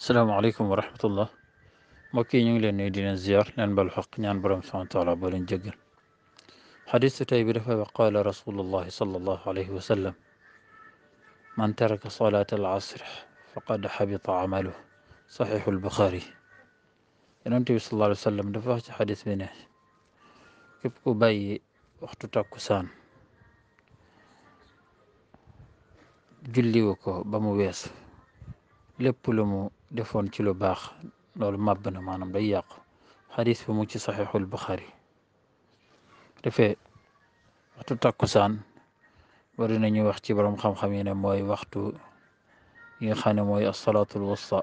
السلام عليكم ورحمة الله مكي نيو لي نيو دينا زيار نان بالحق نان برام سبحانه وتعالى بولين جيجل حديث تاي بدفا وقال رسول الله صلى الله عليه وسلم من ترك صلاة العصر فقد حبط عمله صحيح البخاري ينون تبي صلى الله عليه وسلم دفا حديث بنه كبكو باي وقت تاكسان جلي وكو بمو بيس لب defoon ci lu baax loolu màbb na maanaam day yàqu xadis bi mu ci saxiixul Buxaari defee waxtu takkusaan bari nañu wax ci borom xam-xam yi ne mooy waxtu yi nga xam ne mooy asalaatul wusta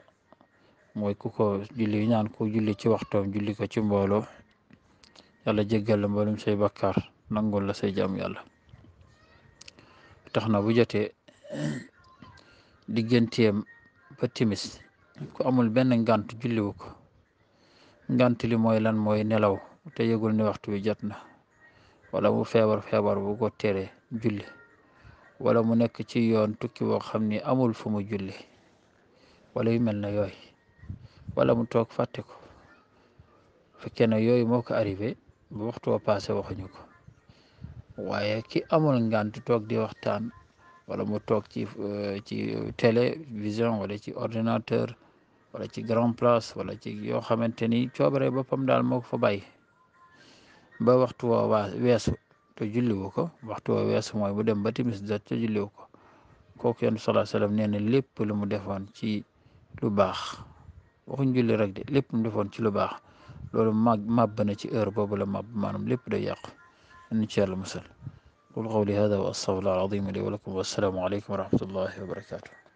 mooy ku ko julli ñaan ku julli ci waxtoom julli ko ci mbooloo yàlla jéggal mboolum say bakkaar nangul la say jaam yàlla tax na bu jotee digganteem timis ku amul benn ngant julliwu ko ngant li mooy lan mooy nelaw te yëgul ni waxtu wi jot na wala mu feebar feebar bu ko tere julli wala mu nekk ci yoon tukki boo xam ni amul fu mu julli wala yu mel na yooyu wala mu toog fàtte ko fekkee ne yooyu moo ko arrivé bu waxtu wa passé waxuñu ko waaye ki amul ngant toog di waxtaan wala mu toog ci euh, ci télévision wala ci ordinateur wala ci grand place wala ci yoo xamante ni coobare boppam daal moo ko fa bàyyi ba waxtu wa weesu te julliwu ko waxtu woo weesu mooy bu dem ba timis jot te julliwu ko kooku yoon sallallahu alayhi wasallam nee lépp lu mu defoon ci lu baax waxuñ julli rek de lépp mu defoon ci lu baax loolu mag màbb na ci heure boobu la màbb maanaam lépp day yàqu nañ ci yàlla musal qul hada wa astaghfirullah al azim li wa lakum wa alaykum wa wa barakatuh